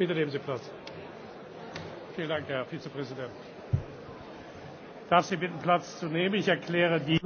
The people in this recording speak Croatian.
Bitte nehmen Sie Platz. Vielen Dank, Herr Vizepräsident. Darf Sie bitten, Platz zu nehmen? Ich erkläre die...